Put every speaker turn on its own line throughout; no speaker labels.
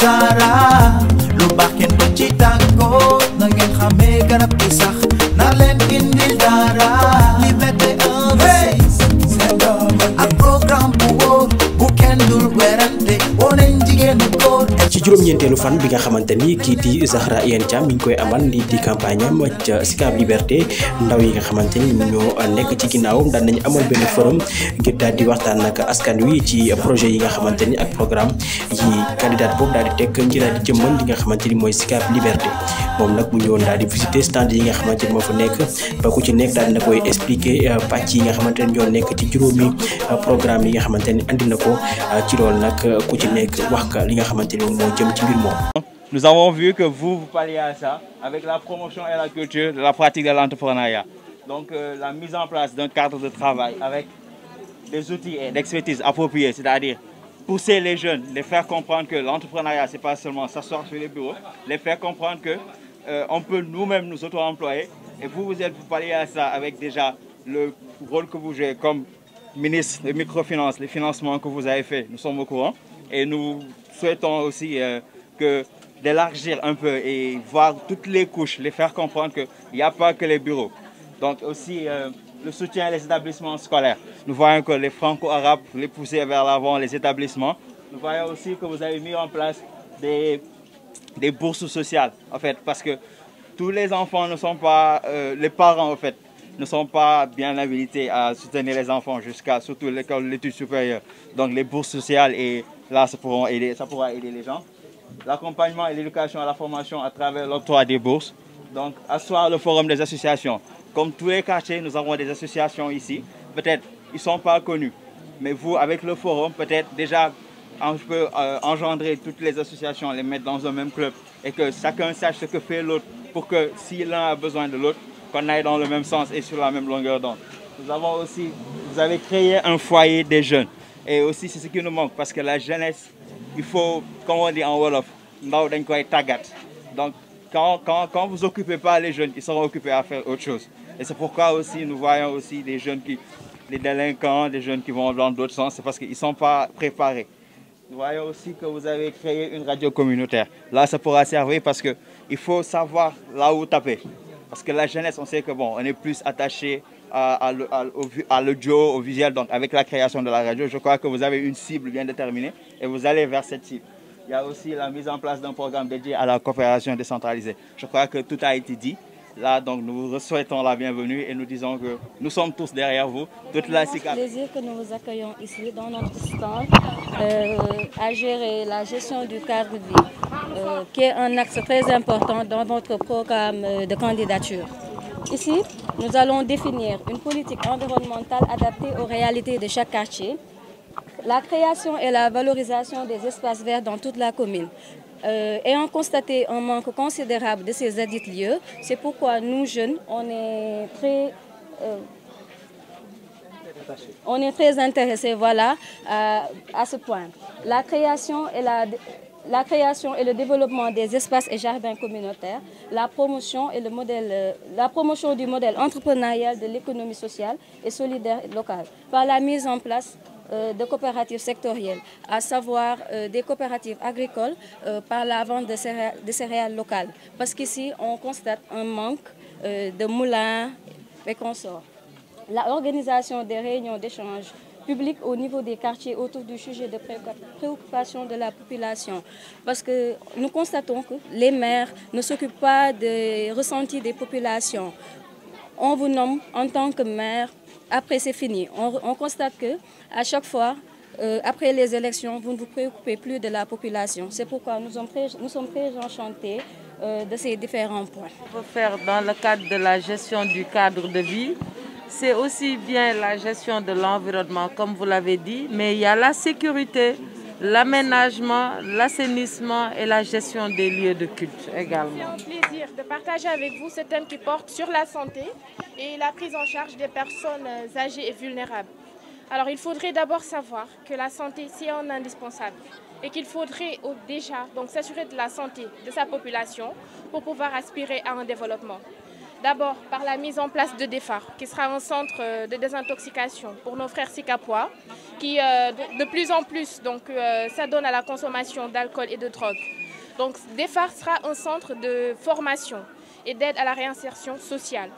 Sara
kii di Zahra Iyane Thiam mi ngi koy amal lii di campagne am ca Sicap Liberté ndaw yi nga xamante ni ñoo nekk ci ginnaaw daan nañu amal benn forum ngir daal di waxtaan ak askan wi ci projet yi nga xamante ni ak programme yi candidat boobu daal di teg ngir daal di jëmmal li nga xamante ni mooy Sicap Liberté moom nag mu ñëwoon daal di visiter stand yi nga xamante ni moo fa nekk ba ku ci nekk daal na koy expliquer euh, pàcc yi nga xamante ni ñoo nekk ci juróomi euh, programme yi nga xamante ni andi na ko euh, ci loolu nag ku ci nekk wax ka li nga xamante ni moo jëm ci mbir moom
Nous avons vu que vous, vous palliez à ça avec la promotion et la culture de la pratique de l'entrepreneuriat. Donc euh, la mise en place d'un cadre de travail avec des outils et d'expertise appropriés, c'est-à-dire pousser les jeunes, les faire comprendre que l'entrepreneuriat, c'est pas seulement s'asseoir sur les bureaux, les faire comprendre que euh, on peut nous-mêmes nous, nous auto-employer. Et vous, vous parlez à ça avec déjà le comme ministre des microfinances, les financements que vous avez faits, nous d'élargir un peu et voir toutes les couches, les faire comprendre qu'il n'y a pas que les bureaux. Donc aussi euh, le soutien à les établissements scolaires. Nous voyons que les franco-arabes, les pousser vers l'avant, les établissements. Nous voyons aussi que vous avez mis en place des, des bourses sociales, en fait, parce que tous les enfants ne sont pas, euh, les parents, en fait, ne sont pas bien habilités à soutenir les enfants jusqu'à surtout l'école, l'étude supérieure. Donc les bourses sociales et là ça pourra aider, ça l'accompagnement et l'éducation à la formation à travers l'octroi des bourses. Donc, asseoir le forum des associations. Comme tous les quartiers, nous avons des associations ici. Peut-être, ils ne sont pas connus. Mais vous, avec le forum, peut-être déjà, on peut euh, engendrer toutes les associations, les mettre dans un même club. Et que chacun sache ce que fait l'autre pour que si l'un a besoin de l'autre, qu'on aille dans le même sens et sur la même longueur d'onde. Nous des jeunes. et aussi c'est ce qui nous manque parce que la jeunesse il faut comme on dit en wolof ndaw dañ koy tàggat donc quand quand quand vous occupez pas les jeunes ils seront occupés à faire autre chose et c'est pourquoi aussi nous voyons aussi des jeunes qui des délinquants des jeunes qui vont dans d'autres sens c'est parce qu'ils sont pas préparés nous voyons aussi que vous avez créé une radio communautaire là ça pourra servir parce que il faut savoir là où taper parce que la jeunesse on sait que bon on est plus attaché à, à, à, à l'audio, au visuel, donc avec la création de la radio, je crois que vous avez une cible bien déterminée et vous allez vers cette cible. Il y a aussi la mise en place d'un programme dédié à la coopération décentralisée. Je crois que tout a été dit. Là, donc, nous vous souhaitons la bienvenue et nous disons que nous sommes tous derrière vous. Toute la CICAP. C'est un plaisir
que nous vous accueillons ici dans notre stand euh, à gérer la gestion du cadre de vie, euh, qui est un axe très important dans votre programme euh, de candidature. Ici, nous allons définir une politique environnementale adaptée aux réalités de chaque quartier, la création et la valorisation des espaces verts dans toute la commune. Euh, ayant constaté un manque considérable de ces adits lieux, c'est pourquoi nous jeunes, on est très... Euh, on est très intéressés voilà, à, à ce point. La création et la la création et le développement des espaces et jardins communautaires, la promotion, et le modèle, euh, la promotion du modèle entrepreneurial de l'économie sociale et solidaire locale par la mise en place euh, de coopératives sectorielles, à savoir euh, des coopératives agricoles euh, par la vente de céréales, de céréales locales. Parce qu'ici, on constate un manque de moulins et consorts. L'organisation des réunions d'échange publique au niveau des quartiers autour du sujet de préoccupation de la population. Parce que nous constatons que les maires ne s'occupent pas des ressentis des populations. On vous nomme en tant que maire, après c'est fini. On, on, constate que à chaque fois, euh, après les élections, vous ne vous préoccupez plus de la population. C'est pourquoi nous sommes très, enchantés euh, de ces différents points.
On veut faire dans le cadre de la gestion du cadre de vie, c'est aussi bien la gestion de l'environnement, comme vous l'avez dit, mais il y a la sécurité, l'aménagement, l'assainissement et la gestion des lieux de culte également. C'est
un plaisir de partager avec vous ce thème qui porte sur la santé et la prise en charge des personnes âgées et vulnérables. Alors il faudrait d'abord savoir que la santé, c'est un indispensable et qu'il faudrait déjà donc s'assurer de la santé population pour pouvoir aspirer à un développement. D'abord par la mise en place de DEFAR, qui sera un centre euh, de désintoxication pour nos frères sicapois, qui euh, de plus en plus donc, euh, s'adonne à la consommation d'alcool et de drogue. Donc DEFAR sera un centre de formation et d'aide à la réinsertion sociale.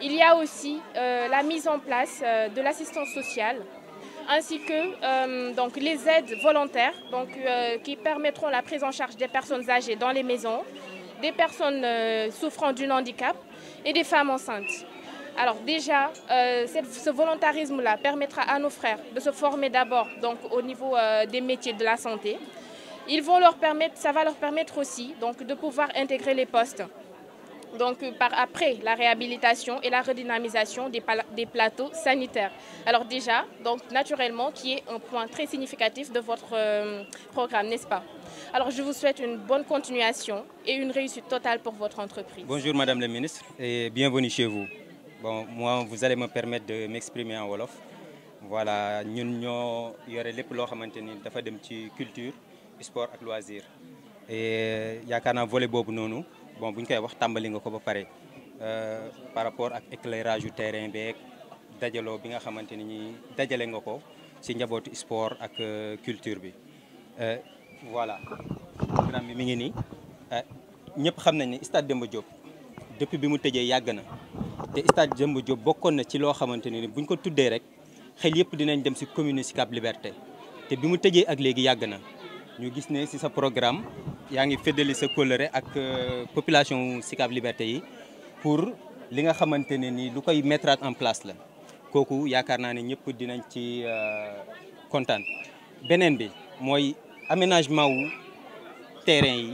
Il y a aussi la mise en place euh, de l'assistance sociale ainsi que euh, donc les aides volontaires donc, qui permettront la prise en charge des personnes âgées dans les maisons, des personnes souffrant d'un handicap et des femmes enceintes. Alors déjà, euh, ce volontarisme-là permettra à nos frères de se former d'abord donc au niveau euh, des métiers de la santé. Ils vont leur permettre, ça va leur permettre aussi donc de pouvoir intégrer les postes donc euh, après la réhabilitation et la redynamisation des, des plateaux sanitaires. Alors déjà, donc naturellement, qui est un point très significatif de votre euh, programme, n'est-ce pas Alors je vous souhaite une bonne continuation et une réussite totale pour votre entreprise. Bonjour
Madame la Ministre et bienvenue chez vous. Bon, moi, vous allez me permettre de m'exprimer en Wolof. Voilà, ñun ñoo yore lépp loo xamante ni dafa dem ci culture sport ak yaakaar naa volet boobu noonu bon bu ñu koy wax tàmbali nga ko ba pare euh, par rapport ak éclairage yu terrain beeg dajaloo bi nga xamante ni ñi dajale nga ko ci njabootu sport ak euh, culture bi euh, voilà programme bi mi ngi nii ñëpp xam nañ ne stade Demba Diop depuis bi mu tëjee yàgg na te stade Demba Diop bokkoon na ci loo xamante ne ni buñ ko tuddee rek xel yëpp dinañ dem ci commune Sicap Liberté te bi mu tëjee ak léegi yàgg na ñu gis ne ci sa programme yaa ngi feddali sa kóllëre ak euh, population Sicap Liberté yi pour li nga xamante ne ni lu koy mettre en place la kooku yaakaar naa ne ñëpp dinañ ci euh, kontaan. beneen bi mooy aménagement wu terrain yi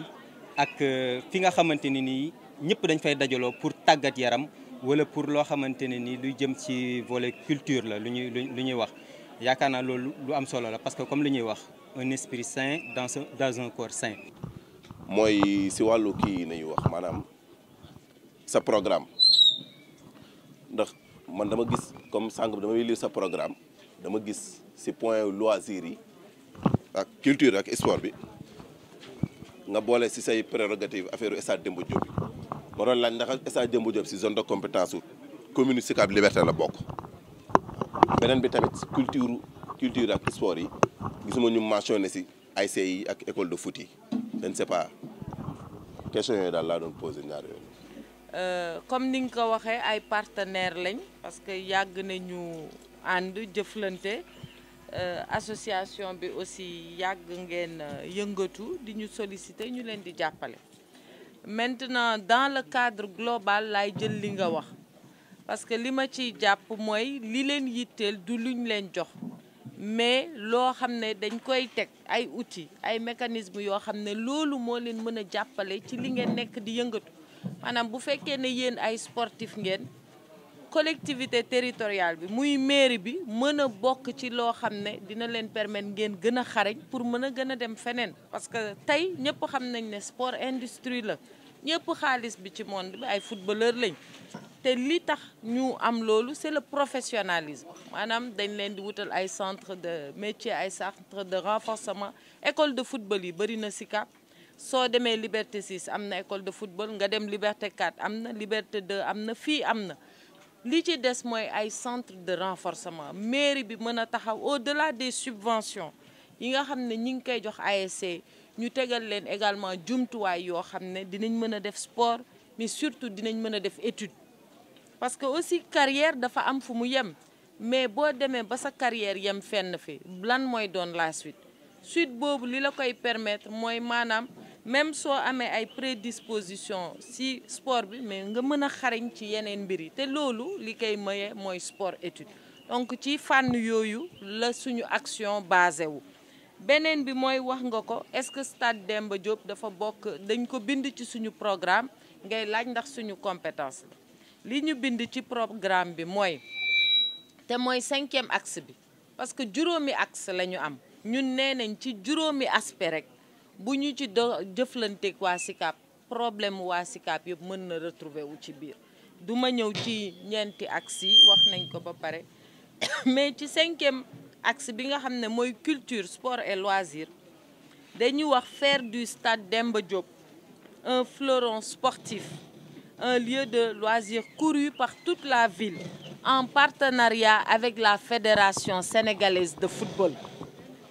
ak euh, fi nga xamante ne nii ñëpp dañ fay dajaloo pour tàggat yaram wala pour loo xamante ne nii luy jëm ci volet culture la lu ñuy lu ñuy wax. yaakaar naa loolu lu am solo la parce que comme li ñuy wax un esprit sain dans un dans un corps sain.
mooy si wàllu kii yi nañu wax maanaam sa programme ndax man dama gis comme bi dama lire sa programme dama gis si point loisir yi ak culture ak sport bi nga boole si say prérogative affaire stade Demba Diop bi ma doon laaj ndax stade Demba Diop si zone de compétence u commune Sicap Liberté la bokk beneen bi tamit culture culture ak sport yi gisuma ñu mentionné si ASC yi ak école de foot yi je ne pas question yooyu daal laa doon posé ñaar yooyu.
Euh, comme ni nga ko waxee ay partenaires lañ parce que yàgg nañu ànd jëflante euh, association bi aussi yàgg ngeen euh, yëngatu di ñu solliciter ñu leen di jàppale. maintenant dans le cadre global laay jël li nga wax parce que li ma ciy jàpp mooy li leen yitteel du luñ leen jox. mais loo xam ne dañ koy teg ay outils ay mécanismes yoo xam ne loolu moo leen mën a jàppale ci li ngeen nekk di yëngatu maanaam bu fekkee ne yéen ay sportif ngeen collectivité territoriale bi muy mairie bi mën a bokk ci loo xam ne dina leen permettre ngeen gën a xarañ pour mën a gën a dem feneen parce que tey ñëpp xam nañ ne sport industrie la ñëpp xaalis bi ci moon bi ay footballeur lañ te li tax ñu am loolu c'est le professionnalisme maanaam dañ leen di wutal ay centre de métier ay centre de renforcement école de football yi bëri na Sicap soo demee Liberté 6 am na école de football nga dem Liberté 4 am na Liberté de am na fii am na li ci des mooy ay centre de renforcement mairie bi mën a taxaw au-delà des subventions yi nga xam ne ñi ngi koy jox ASC ñu tegal leen également jumtuwaay yoo xam ne dinañ mën a def sport mais surtout dinañ mën a def étude parce que aussi carrière dafa am fu mu yem mais boo demee ba sa carrière yem fenn fi lan mooy doon la suite suite boobu li la koy permettre mooy maanaam même soo amee ay prédisposition si sport bi mais nga mën a xarañ ci yeneen mbir yi te loolu li koy maye mooy sport étude donc ci fànn yooyu la suñu action basé wu beneen bi mooy wax nga ko est-ce que stade Demba Diop dafa bokk dañ ko bind ci suñu programme ngay laaj ndax suñu compétence la li ñu bind ci programme bi mooy te mooy cinquième axe bi parce que juróomi axe la ñu am ñun nee nañ ci juróomi aspect rek bu ñu ci do jëflanteek waa SICAP problème waa SICAP yëpp mën na retrouver wu ci biir du ma ñëw ci ñeenti axe yi wax nañ ko ba pare mais ci cinquième axe bi nga xam ne mooy culture sport et loisir dañuy wax faire du stade Demba Diop un fleuron sportif un lieu de loisir couru par toute la ville en partenariat avec la fédération sénégalaise de football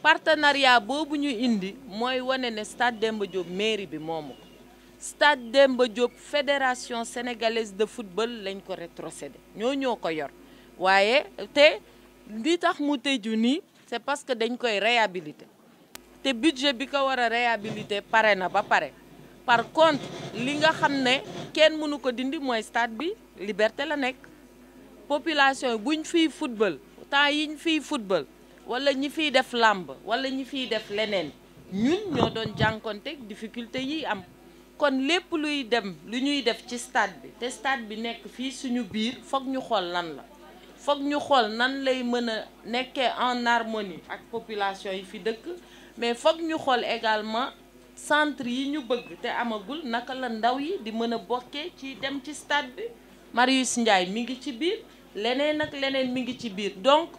partenariat boobu ñu indi mooy wane ne stade Demba Diop mairie bi moomu ko stade Demba fédération sénégalaise de football lañ ko rétrocédé ñoo ñoo ko yor waaye te li tax mu tëju nii c'est parce que dañ koy réhabiliter te budget bi ko war a réhabiliter pare na ba pare par contre li nga xam ne kenn mënu ko dindi mooy stade bi liberté la nekk population yi buñ fiy football temps ñu fiy football wala ñi fiy def làmb wala ñi fiy def leneen ñun ñoo doon jànkonte difficulté yi am kon lépp luy dem lu ñuy def ci stade bi te stade bi nekk fii suñu biir foog ñu xool lan la foog ñu xool nan lay mën a nekkee en harmonie ak population yi fi dëkk mais foog ñu xool également centre yi ñu bëgg te amagul naka la ndaw yi di mën a bokkee ci dem ci stade bi Marius Ndiaye mi ngi ci biir leneen ak leneen mi ngi ci biir donc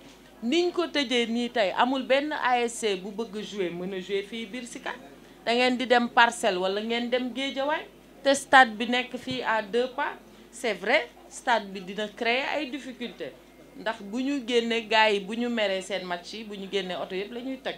niñ ko tëjee nii tey amul benn ASC bu bëgg jouer mën jouer fii biir Sicap da ngeen di dem parcelle wala ngeen dem géejawaay te stade bi nekk fii à deux pas c'est vrai stade bi dina créer ay difficultés ndax bu ñu génnee gars yi bu ñu meree seen match bu ñu génnee oto yëpp la ñuy toj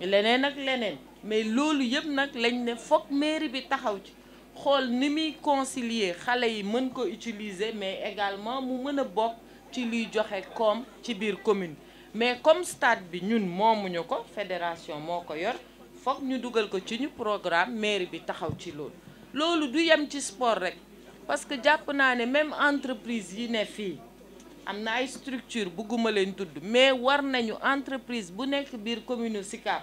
leneen ak leneen mais loolu yëpp nag lañ ne foog mairie bi taxaw ci xool ni muy concilier xale yi mën ko utiliser mais également mu mën a bokk ci luy joxe koom ci biir commune mais comme stade bi ñun moomuñu ko fédération moo ko yor foog ñu dugal ko ci ñu programme mairie bi taxaw ci lool loolu du yem ci sport rek parce que jàpp naa ne même entreprise yi ne fii am na ay structure bugguma leen tudd mais war nañu entreprise bu nekk biir commune Sicap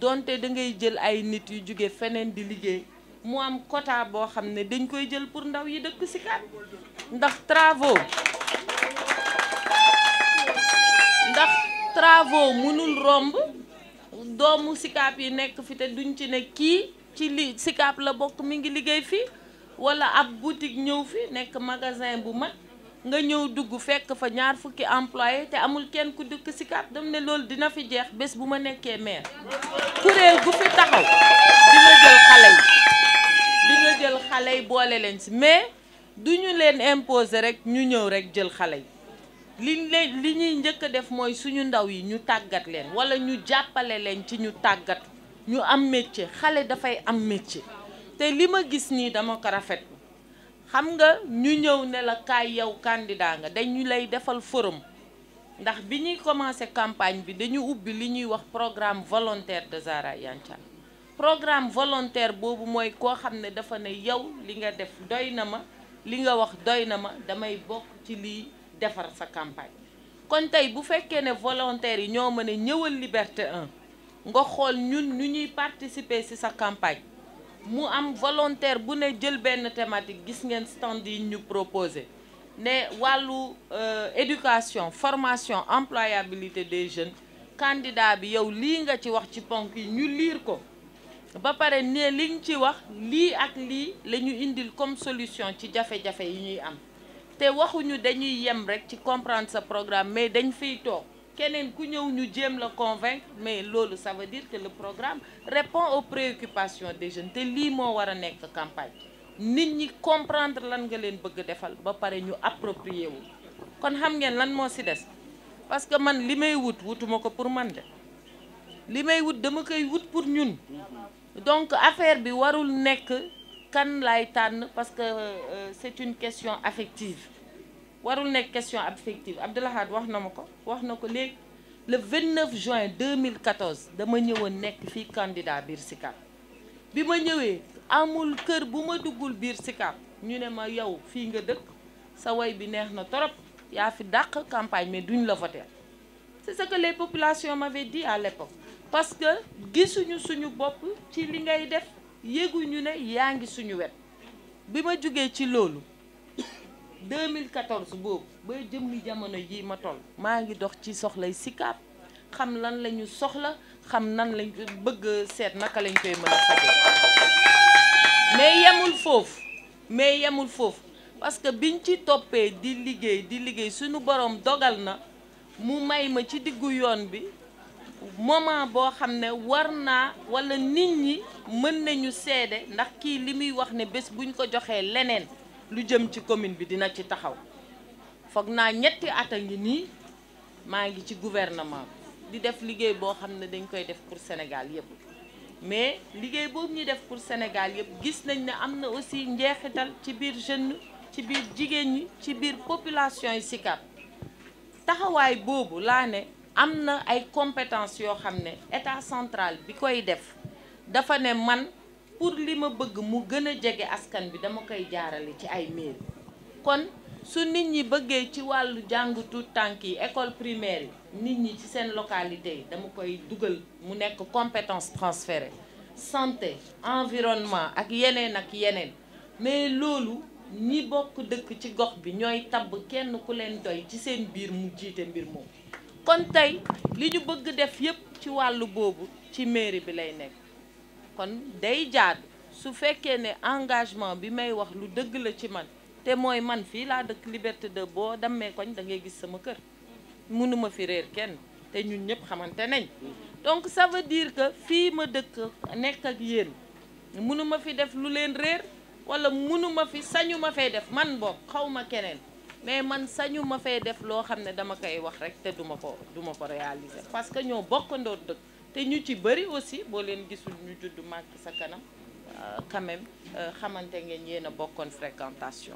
donte da ngay jël ay nit yu jóge feneen di liggéey mu am quota boo xam ne dañ koy jël pour ndaw yi dëkk Sicap ndax travaux ndax travaux mënul romb doomu Sicap yi nekk fi te duñ ci nekk kii ci li Sicap la bokk mi ngi liggéey fii wala ab boutique ñëw fi nekk magasin bu mag nga ñëw dugg fekk fa ñaar fukki employé te amul kenn ku dëkk Sicap dam ne loolu dina fi jeex bés bu ma nekkee maire kuréel gu fi taxaw dina jël xale yi boole leen si mais du ñu leen imposer rek ñu ñëw rek jël xale yi li leen li ñuy njëkk a def mooy suñu ndaw yi ñu tàggat leen wala ñu jàppale leen ci ñu tàggat ñu am métier xale dafay am métier te li ma gis nii dama ko rafet xam nga ñu ñëw ne la kaay yow candidat nga dañu lay defal forum ndax bi ñuy commencé campagne bi dañu ubbi li ñuy wax programme volontaire de Zahra Iyane programme volontaire boobu mooy koo xam ne dafa ne yow li nga def doy na ma li nga wax doy na ma damay bokk ci liy defar sa campagne kon tey bu fekkee ne volontaires yi ñoo mën a ñëwal Liberté 1 nga xool ñun ñu ñuy participer ci sa campagne mu am volontaire bu ne jël benn thématique gis ngeen stand yi ñu proposé ne wàllu euh, éducation formation employabilité des jeunes candidat bi yow lii nga ci wax ci ponk yi ñu liir ko ba pare ne liñ ci wax lii ak lii lañu indil comme solution ci jafe-jafe yi ñuy am te waxuñu dañuy yem rek ci comprendre sa programme mais dañ fiy toog keneen ku ñëw ñu jéem la convaincre mais loolu ça veut dire que le programme répond aux préoccupations des jeunes te lii moo war a nekk campagne nit ñi comprendre lan nga leen bëgg defal ba pare ñu approprier wu kon xam ngeen lan moo si des parce que man li may wut wutuma ko pour man de li may wut dama koy wut pour ñun donc affaire bi warul nekk kan lay tànn parce que euh, c'est une question affective warul nekk question affective Abdoulahad wax na ma ko wax na ko léegi le 29 juin 2014 dama ñëwoon nekk fii candidat biir Sicap bi ma ñëwee amul kër bu ma duggul biir Sicap ñu ne ma yow fii nga dëkk sa woy bi neex na trop yaa fi dàq campagne mais duñ la voté c'est ce que les populations m'avaient dit à l'époque parce que gisuñu suñu bopp ci li ngay def yéguñu ne yaa ngi suñu wet bi ma jugee ci loolu 2014 boobu ba jëm jamono ji ma toll maa ngi dox ci soxlay Sicap xam lan lañu soxla xam nan lañ bëgg seet naka lañ koy mën a faje mais yemul foofu mais yemul foofu parce que biñ ci toppee di liggéey di liggéey suñu borom dogal na mu may ma ci diggu yoon bi moment boo xam ne war naa wala nit ñi mën nañu seede ndax kii li muy wax ne bés buñ ko joxee leneen lu jëm ci commune bi dina ci taxaw foog naa ñetti at a ngi nii maa ngi ci gouvernement di def liggéey boo xam ne dañ koy def pour Sénégal yëpp mais liggéey boobu ñuy def pour Sénégal yëpp gis nañ ne am na aussi njeexital ci biir jeune ci biir jigéen ñi ci biir population yi Sicap taxawaay boobu laa ne am na ay compétences yoo xam ne état central bi koy def dafa ne man pour li ma bëgg mu gën a jege askan bi dama koy jaarale ci ay mairie kon su nit ñi bëggee ci wàllu jàngu tànk yi école primaire yi nit ñi ci seen localité yi dama koy dugal mu nekk compétence transférée santé environnement ak yeneen ak yeneen mais loolu ñi bokk dëkk ci gox bi ñooy tab kenn ku leen doy ci seen biir mu jiite mbir moom kon tey li ñu bëgg def yépp ci wàllu boobu ci mairie bi lay nekk kon day jaadu su fekkee ne engagement bi may wax lu dëgg la ci man te mooy man fii laa dëkk Liberté de boo dammee koñ da ngay gis sama kër mënuma fi réer kenn te ñun ñëpp xamante nañ donc ça veut dire que fii ma dëkk nekk ak yéen mënuma fi def lu leen réer wala munuma fi sañuma ma fay def man boog xaw ma keneen mais man sañu ma fay def loo xam ne dama koy wax rek te duma ko duma ko réaliser parce que ñoo bokkandoo dëkk te ñu ci bëri aussi boo leen gisul ñu judd màgg sa kanam euh, quand même euh, xamante ngeen yéen a bokkoon fréquentation.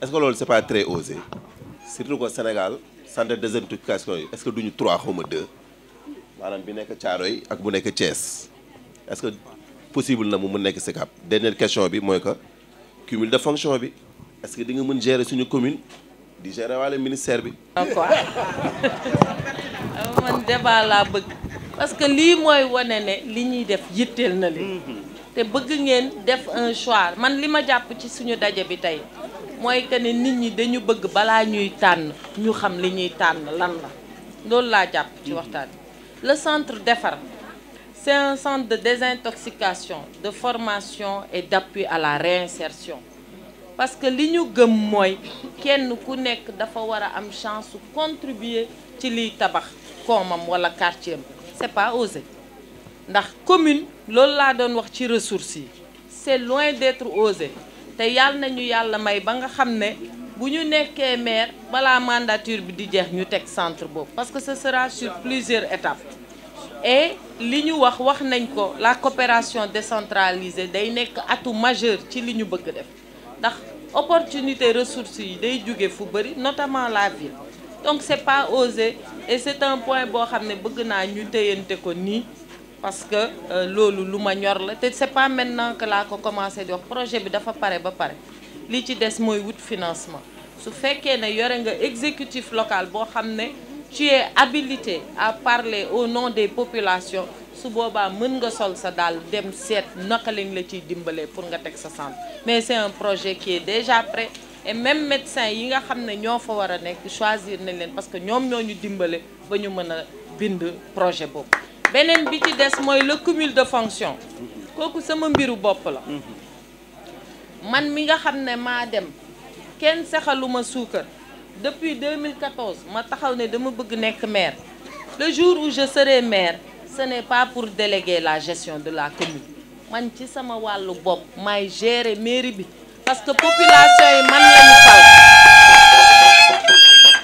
est-ce que loolu c'est pas très surtout que Sénégal centre de désertification yi est-ce que duñu trois xaw ma deux maanaam bi nekk Thiaroye ak bu nekk Thiès est que possible na mu mu nekk si Sicap dernière question bi mooy que cumul de fonction bi est que di nga mën gérer suñu commune di gérer wàllu ministère bi. d'accord
ah, euh, man débat laa bëgg. parce que lii mooy wane ne li ñuy def yitteel na leen mm-hmm. te bëgg ngeen def un choix man li ma jàpp ci suñu daje bi tey mooy que ne nit ñi dañu bëgg balaa ñuy tànn ñu xam li ñuy tànn lan la loolu laa jàpp ci mm-hmm. waxtaan le centre defar c'est un de désintoxication de formation et d'appui à la réinsertion parce que li ñu gëm mooy kenn ku nekk dafa war a am chance su contribuer ci liy tabax koomam wala quartier am c'est pas osé ndax commune loolu laa doon wax ci ressources yi c'est loin d'être osé te yàlla nañu yàlla may ba nga xam ne bu ñu nekkee maire balaa mandature bi di jeex ñu teg centre boobu parce que ce sera sur plusieurs étapes et li ñu wax wax nañ ko la coopération décentralisée day nekk atu majeur ci li ñu bëgg def ndax opportunité ressources yi day jóge fu bëri notamment la ville donc c'est pas osé et c'est un point boo xam ne bëgg naa ñu téyante ko nii parce que euh, loolu lu ma ñor la te c'est pas maintenant que laa ko commencé di wax projet bi dafa pare ba pare li ci des mooy wut financement su fekkee ne yore nga exécutif local boo xam ne tu es habilité à parler au nom des populations su boobaa mën nga sol sa daal dem seet naka lañ la ciy dimbalee pour nga teg sa centre mais c'est un projet qui est déjà prêt et même médecin yi nga xam ne ñoo fa war a nekk choisir nañ leen parce que ñoom ñoo ñu dimbale ba ñu mën a bind projet boobu beneen bi ci des mooy le cumul de fonction kooku sama mbiru bopp la man mi nga xam ne maa dem kenn sexaluma suukar depuis 2014 ma taxaw ne dama bëgg nekk maire le jour où je serai maire ce n'est pas pour déléguer la gestion de la commune man ci sama wàllu bopp maay gérer mairie bi parce que population yi man lañu fal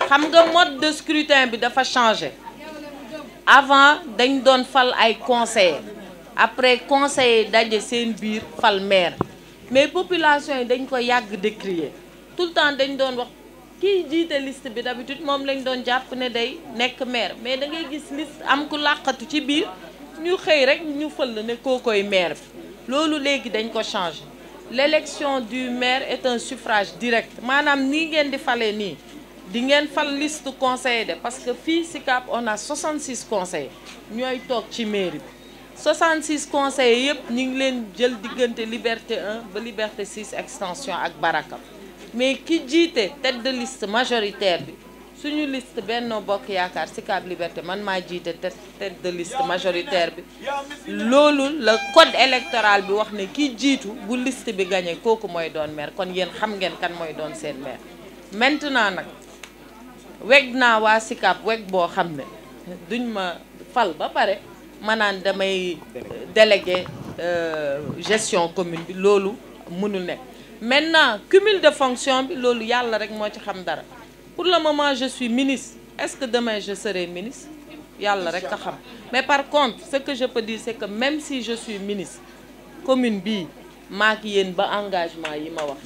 xam nga mode de scrutin bi dafa changé avant dañ doon fal ay conseillers après conseillers daje seen biir fal maire mais population yi dañ ko yàgg décrier tout le temps dañ doon wax kiy jiite liste bi d'habitude moom lañ doon jàpp ne day nekk maire mais da ngay gis liste am ku làqatu ci biir ñu xëy rek ñu fël ne koo koy maire bi loolu léegi dañ ko changé l'élection du maire est un suffrage direct maanaam nii ngeen di falee nii di ngeen fal liste conseillers de parce que fii Sicap on a 66 conseillers ñooy toog ci mairie bi 66 conseillers yëpp ñu ngi leen jël diggante liberté 1 ba liberté 6 extension ak Baraka mais ki jiite tête de majoritaire bi suñu liste Benno Bokk Yaakaar Sicap Liberté man maa jiite tête de liste majoritaire bi loolu la code électoral bi wax ne ki jiitu bu liste bi gagné kooku mooy doon maire kon yéen xam ngeen kan mooy doon seen maire. maintenant nag weg naa waa Sicap weg boo xam ne duñ ma fal ba pare ma naan damay euh, délégué euh, gestion commune bi loolu mënul nekk maintenant cumul de fonction bi loolu yàlla rek moo ci xam dara. pour le moment je suis ministre est-ce que demain je serai ministre yàlla rek a xam mais par contre ce que je peux dire c'est que même si je suis ministre commune bi maak ngi yéen ba engagement yi ma wax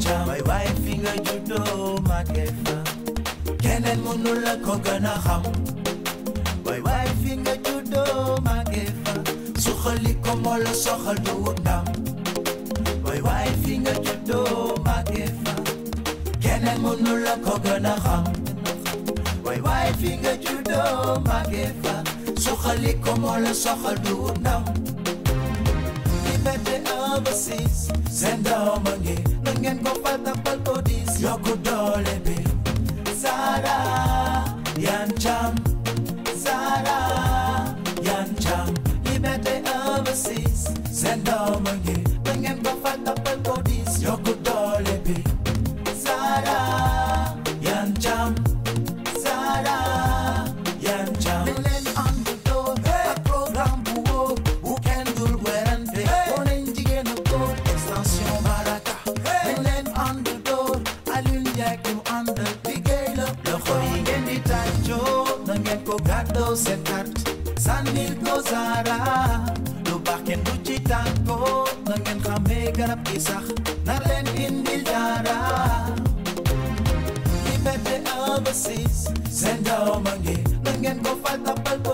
jàmm way waaye fi nga juddoo fa keneen mënu la ko gën a xam way waaye fi nga juddoo màggee fa suxali ko moo la soxal du ndam way waaye fi nga juddoo màggee fa keneen mënu la ko gën du ndam liberté 1 ba 6 seen doom a ngeen ko fal tabal ko diis yokku doole bi Zahra Iyane Thiam Zahra Iyane Thiam Liberté 1 a ngi ba ngeen ko fal tabal bi sax na leen indil dara IPP 1 ba 6 seen ndaw ma ngi na ngeen ko fal tapal